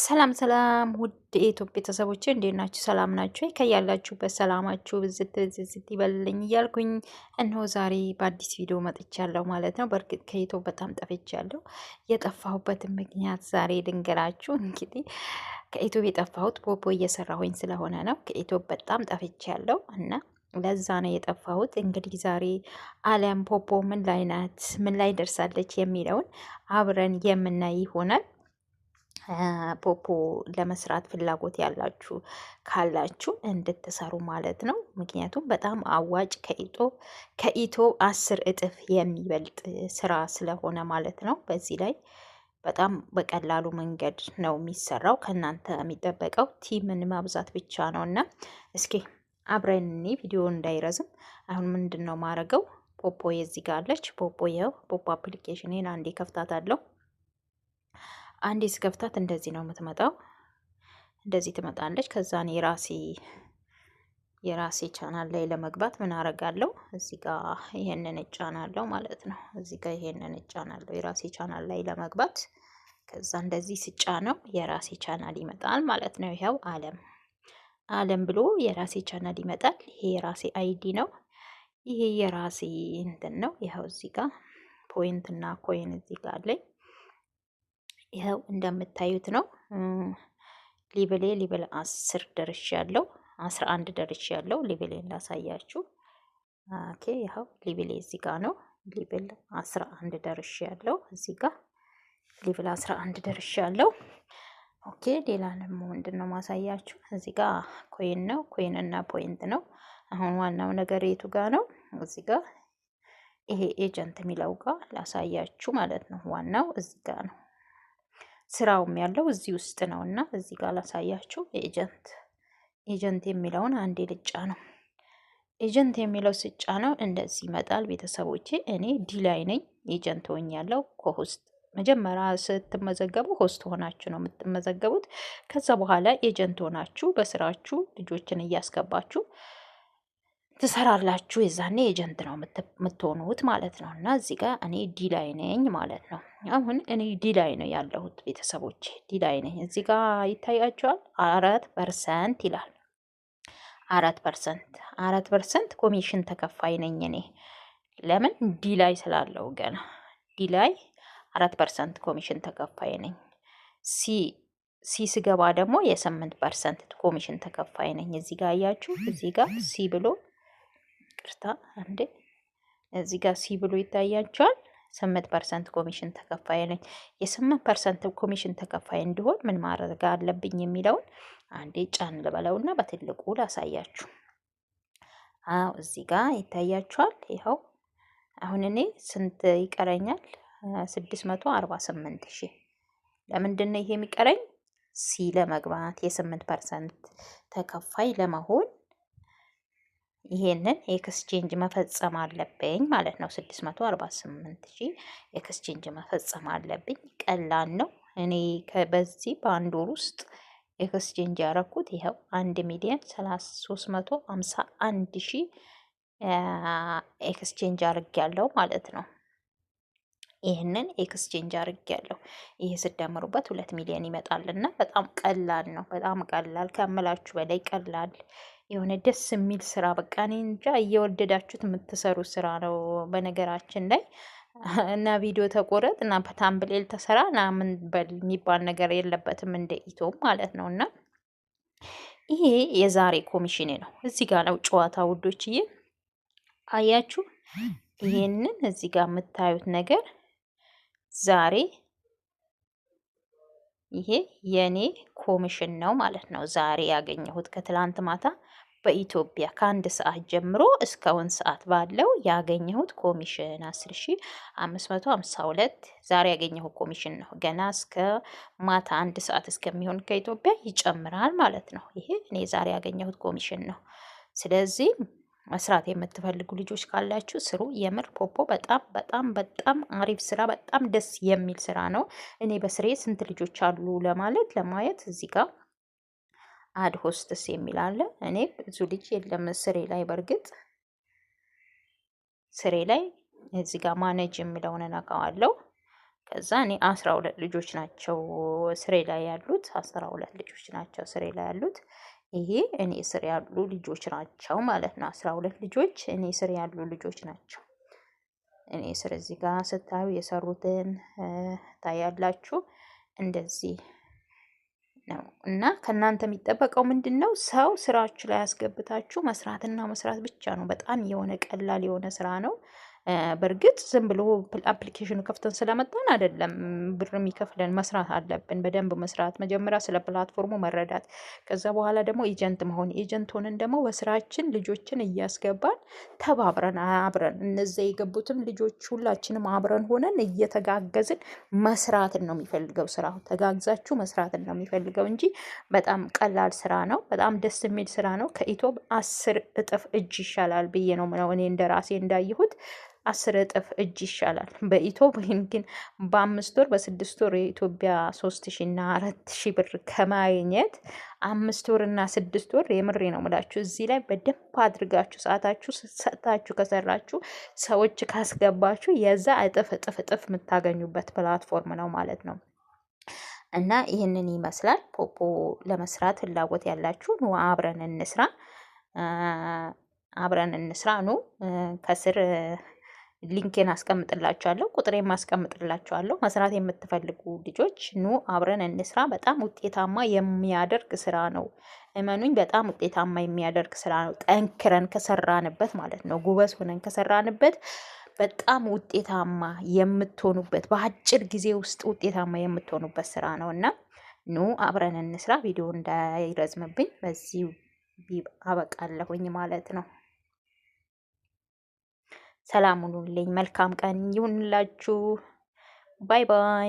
ሰላም ሰላም ውድ የኢትዮጵያ ቤተሰቦች እንዴት ናችሁ? ሰላም ናችሁ? ከያላችሁበት ሰላማችሁ ብዝት ብዝት ይበልልኝ እያልኩኝ እነሆ ዛሬ በአዲስ ቪዲዮ መጥቻለሁ ማለት ነው። በእርግጥ ከይቶ በጣም ጠፍቻለሁ። የጠፋሁበትን ምክንያት ዛሬ ልንገራችሁ። እንግዲህ ከኢትዮ የጠፋሁት ቦቦ እየሰራሁኝ ስለሆነ ነው። ከኢትዮ በጣም ጠፍቻለሁ እና ለዛ ነው የጠፋሁት። እንግዲህ ዛሬ አለም ቦቦ ምን ላይ ናት፣ ምን ላይ ደርሳለች የሚለውን አብረን የምናይ ይሆናል። ፖፖ ለመስራት ፍላጎት ያላችሁ ካላችሁ እንድትሰሩ ማለት ነው። ምክንያቱም በጣም አዋጭ ከኢቶ ከኢቶ አስር እጥፍ የሚበልጥ ስራ ስለሆነ ማለት ነው። በዚህ ላይ በጣም በቀላሉ መንገድ ነው የሚሰራው። ከእናንተ የሚጠበቀው ቲምን ማብዛት ብቻ ነው እና እስኪ አብረን ቪዲዮ እንዳይረዝም አሁን ምንድን ነው ማድረገው? ፖፖ የዚህ ጋለች ፖፖ የው ፖፖ አፕሊኬሽንን አንዴ ከፍታታለሁ። አንዴ ስከፍታት እንደዚህ ነው የምትመጣው። እንደዚህ ትመጣለች። ከዛን የራሴ የራሴ ቻናል ላይ ለመግባት ምን አረጋለሁ? እዚ ጋ ይሄንን እጫናለሁ ማለት ነው። እዚ ጋ ይሄንን እጫናለሁ የራሴ ቻናል ላይ ለመግባት። ከዛ እንደዚህ ነው የራሴ ቻናል ይመጣል ማለት ነው። ይኸው አለም አለም ብሎ የራሴ ቻናል ይመጣል። ይሄ የራሴ አይዲ ነው። ይሄ የራሴ እንትን ነው። ይኸው እዚ ጋ ፖይንት እና ኮይን እዚ ጋ አለኝ። ይኸው እንደምታዩት ነው። ሊብሌ ሊብል አስር ደርሽ ያለው አስራ አንድ ደርሽ ያለው ሊብሌን ላሳያችሁ። ኦኬ ይኸው ሊብሌ እዚህ ጋ ነው። ሊብል አስራ አንድ ደርሽ ያለው እዚህ ጋ ሊብል አስራ አንድ ደርሽ ያለው ኦኬ። ሌላ ደግሞ ምንድን ነው ማሳያችሁ? እዚህ ጋ ኮይን ነው። ኮይን እና ፖይንት ነው። አሁን ዋናው ነገር የቱ ጋ ነው? እዚህ ጋ ይሄ ኤጀንት የሚለው ጋ ላሳያችሁ ማለት ነው። ዋናው እዚህ ጋ ነው። ስራውም ያለው እዚህ ውስጥ ነው እና እዚህ ጋር ላሳያችሁ። ኤጀንት ኤጀንት የሚለውን አንዴ ልጫ ነው። ኤጀንት የሚለው ስጫ ነው እንደዚህ ይመጣል። ቤተሰቦቼ እኔ ዲ ላይ ነኝ። ኤጀንት ሆኝ ያለው ከሆስት መጀመሪያ ስትመዘገቡ ሆስት ሆናችሁ ነው የምትመዘገቡት። ከዛ በኋላ ኤጀንት ሆናችሁ በስራችሁ ልጆችን እያስገባችሁ ትሰራላችሁ። የዛኔ ኤጀንት ነው የምትሆኑት ማለት ነው። እና እዚህ ጋር እኔ ዲ ላይ ነኝ ማለት ነው። አሁን እኔ ዲ ላይ ነው ያለሁት ቤተሰቦች፣ ዲ ላይ ነኝ። እዚህ ጋር ይታያቸዋል። አራት ፐርሰንት ይላል። አራት ፐርሰንት አራት ፐርሰንት ኮሚሽን ተከፋይ ነኝ እኔ። ለምን ዲ ላይ ስላለው ገና ዲ ላይ አራት ፐርሰንት ኮሚሽን ተከፋይ ነኝ። ሲ ሲ ስገባ ደግሞ የስምንት ፐርሰንት ኮሚሽን ተከፋይ ነኝ። እዚህ ጋር እያችሁ እዚህ ጋር ሲ ብሎ ይቅርታ አንዴ እዚህ ጋር ሲ ብሎ ይታያቸዋል። ስምንት ፐርሰንት ኮሚሽን ተከፋይ ነኝ። የስምንት ፐርሰንት ኮሚሽን ተከፋይ እንዲሆን ምን ማድረግ አለብኝ የሚለውን አንዴ ጫን ልበለውና በትልቁ ላሳያችሁ። አዎ እዚህ ጋር ይታያችኋል። ይኸው አሁን እኔ ስንት ይቀረኛል? ስድስት መቶ አርባ ስምንት ሺህ ለምንድን ነው ይሄ የሚቀረኝ? ሲ ለመግባት የስምንት ፐርሰንት ተከፋይ ለመሆን ይሄንን ኤክስቼንጅ መፈጸም አለብኝ ማለት ነው። 648 ሺህ ኤክስቼንጅ መፈጸም አለብኝ። ቀላል ነው። እኔ በዚህ በአንድ ወር ውስጥ ኤክስቼንጅ ያረኩት ይኸው 1 ሚሊዮን 351 ሺህ ኤክስቼንጅ አርግ ማለት ነው። ይህንን ኤክስቼንጅ አርግ ያለው ይህ ስደምሩበት ሁለት ሚሊዮን ይመጣልና በጣም ቀላል ነው። በጣም ቀላል ከምላችሁ በላይ ቀላል የሆነ ደስ የሚል ስራ በቃ እኔ እንጃ እየወደዳችሁት የምትሰሩ ስራ ነው። በነገራችን ላይ እና ቪዲዮ ተቆረጥ እና በታምብሌል ተሰራ እና ምን በል የሚባል ነገር የለበትም እንደ ኢቶም ማለት ነው። እና ይሄ የዛሬ ኮሚሽኔ ነው። እዚህ ጋር ነው ጨዋታ ውዶችዬ፣ አያችሁ ይሄንን እዚህ ጋር የምታዩት ነገር ዛሬ ይሄ የኔ ኮሚሽን ነው ማለት ነው። ዛሬ ያገኘሁት ከትላንት ማታ በኢትዮጵያ ከአንድ ሰዓት ጀምሮ እስካሁን ሰዓት ባለው ያገኘሁት ኮሚሽን ሁለት ዛሬ ያገኘሁት ኮሚሽን ነው። ገና እስከ ማታ አንድ ሰዓት እስከሚሆን ከኢትዮጵያ ይጨምራል ማለት ነው። ይሄ እኔ ዛሬ ያገኘሁት ኮሚሽን ነው። ስለዚህ መስራት የምትፈልጉ ልጆች ካላችሁ ስሩ። የምር ፖፖ በጣም በጣም በጣም አሪፍ ስራ፣ በጣም ደስ የሚል ስራ ነው። እኔ በስሬ ስንት ልጆች አሉ ለማለት ለማየት እዚህ ጋር አድ ሆስትስ የሚል አለ። እኔ ብዙ ልጅ የለም ስሬ ላይ በእርግጥ ስሬ ላይ እዚህ ጋር ማነጅ የሚለውን እነቃዋለው። ከዛ እኔ አስራ ሁለት ልጆች ናቸው ስሬ ላይ ያሉት፣ አስራ ሁለት ልጆች ናቸው ስሬ ላይ ያሉት። ይሄ እኔ ስር ያሉ ልጆች ናቸው ማለት ነው። አስራ ሁለት ልጆች እኔ ስር ያሉ ልጆች ናቸው። እኔ ስር እዚህ ጋር ስታዩ የሰሩትን ታያላችሁ እንደዚህ ነው እና ከእናንተ የሚጠበቀው ምንድን ነው? ሰው ስራችሁ ላይ ያስገብታችሁ መስራትና መስራት ብቻ ነው። በጣም የሆነ ቀላል የሆነ ስራ ነው። በእርግጥ ዝም ብሎ አፕሊኬሽኑ ከፍተን ስለመጣን አይደለም። ብር የሚከፍለን መስራት አለብን፣ በደንብ መስራት መጀመሪያ ስለ ፕላትፎርሙ መረዳት፣ ከዛ በኋላ ደግሞ ኤጀንት መሆን። ኤጀንት ሆነን ደግሞ በስራችን ልጆችን እያስገባን ተባብረን አብረን እነዚያ የገቡትም ልጆች ሁላችንም አብረን ሆነን እየተጋገዝን መስራትን ነው የሚፈልገው ስራ። ተጋግዛችሁ መስራትን ነው የሚፈልገው እንጂ በጣም ቀላል ስራ ነው። በጣም ደስ የሚል ስራ ነው። ከኢትዮ አስር እጥፍ እጅ ይሻላል ብዬ ነው እኔ እንደ ራሴ እንዳየሁት አስር እጥፍ እጅ ይሻላል። በኢትዮ ወይም ግን በአምስት ወር በስድስት ወር የኢትዮጵያ ሶስት ሺ እና አራት ሺ ብር ከማግኘት አምስት ወር እና ስድስት ወር የምሬ ነው ምላችሁ። እዚህ ላይ በደንብ አድርጋችሁ ሰዓታችሁ ሰጥታችሁ ከሰራችሁ ሰዎች ካስገባችሁ የዛ እጥፍ እጥፍ እጥፍ የምታገኙበት ፕላትፎርም ነው ማለት ነው። እና ይህንን ይመስላል። ፖፖ ለመስራት ፍላጎት ያላችሁ ኑ አብረን እንስራ አብረን እንስራ ኑ ከስር ሊንኬን አስቀምጥላችኋለሁ፣ ቁጥሬን ማስቀምጥላችኋለሁ። መስራት የምትፈልጉ ልጆች ኑ አብረን እንስራ። በጣም ውጤታማ የሚያደርግ ስራ ነው። እመኑኝ፣ በጣም ውጤታማ የሚያደርግ ስራ ነው። ጠንክረን ከሰራንበት ማለት ነው፣ ጉበዝ ሆነን ከሰራንበት በጣም ውጤታማ የምትሆኑበት በአጭር ጊዜ ውስጥ ውጤታማ የምትሆኑበት ስራ ነው እና ኑ አብረን እንስራ። ቪዲዮ እንዳይረዝምብኝ በዚህ አበቃለሁኝ ማለት ነው። ሰላም ሁኑልኝ። መልካም ቀን ይሁንላችሁ። ባይ ባይ።